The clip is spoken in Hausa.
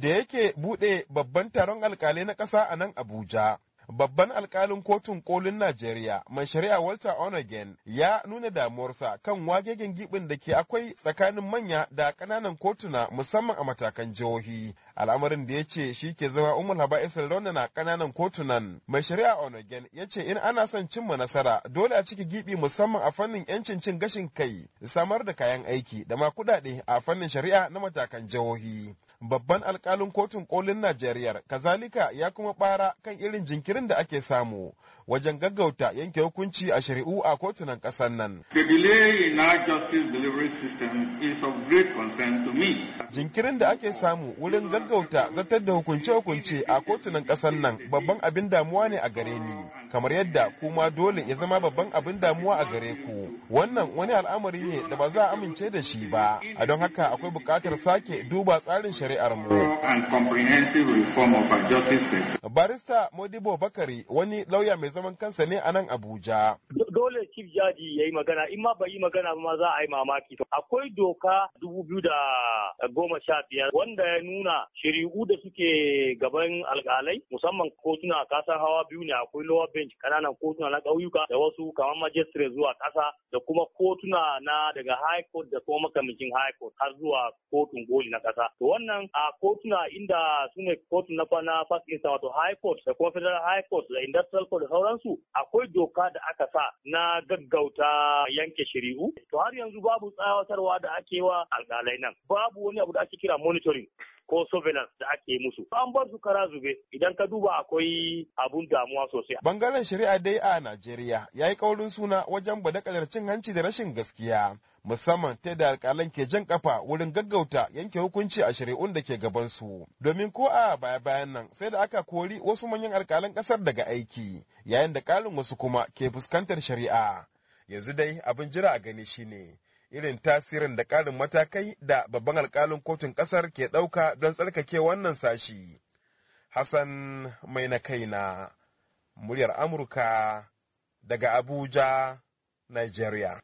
da yake buɗe babban taron alkalai na ƙasa a nan Abuja. babban alkalin kotun kolin Najeriya mai shari'a Walter Onagen ya nuna damuwarsa kan wagegen gibin da ke akwai tsakanin manya da ƙananan kotuna musamman a matakan jihohi. Al'amarin da ya ce shi ke zama umar haba'isar na ƙananan kotunan. Mai shari'a Onagen ya ce in ana son cimma nasara dole a ciki gibi musamman a fannin 'yancin cin gashin kai, samar da kayan aiki da ma kuɗaɗe a fannin shari'a na matakan jihohi. Babban alkalin kotun kolin Najeriya kazalika ya kuma bara kan irin jinkirin jinkirin da ake samu wajen gaggauta yanke hukunci a shari'u a kotunan kasan nan. Jinkirin da ake samu wurin gaggauta zartar da hukunce-hukunce a kotunan kasar nan babban abin damuwa ne a gare ni. kamar yadda kuma dole ya zama babban abin damuwa a gare ku wannan wani al'amari ne da ba za a amince da shi ba a don haka akwai buƙatar sake duba tsarin shari'ar mu barista modibo bakari wani lauya mai zaman kansa ne a nan abuja dole chief jaji ya yi magana in ma bai yi magana ba za a yi mamaki to akwai doka dubu biyu da goma sha biyar wanda ya nuna shari'u da suke gaban alkalai musamman kotuna a kasar hawa biyu ne akwai lower bench kananan kotuna na ƙauyuka da wasu kamar majistare zuwa ƙasa da kuma kotuna na daga high court da kuma makamakin high court har zuwa kotun goli na ƙasa to wannan a kotuna inda su ne kotun na kwana first instance wato high court da kuma federal high court da industrial court da sauransu akwai doka da aka sa na gaggauta yanke shari'u to har yanzu babu tsawatarwa da ake wa alkalai nan babu wani abu da ake kira monitoring ko surveillance da ake musu an bar su kara zube idan ka duba akwai abun damuwa sosai bangaren shari'a dai a Najeriya ya yi kaurin suna wajen badakalar cin hanci da rashin gaskiya musamman ta da alƙalan ke jan kafa wurin gaggauta yanke hukunci a shari'un da ke gabansu domin ko a baya bayan nan sai da aka kori wasu manyan alƙalan ƙasar daga aiki yayin da ƙalin wasu kuma ke fuskantar shari'a yanzu dai abin jira a gani shine irin tasirin da ƙarin matakai da babban alkalin kotun ƙasar ke ɗauka don tsarkake wannan sashi. Hassan mai na kaina, muryar Amurka daga Abuja, Nigeria.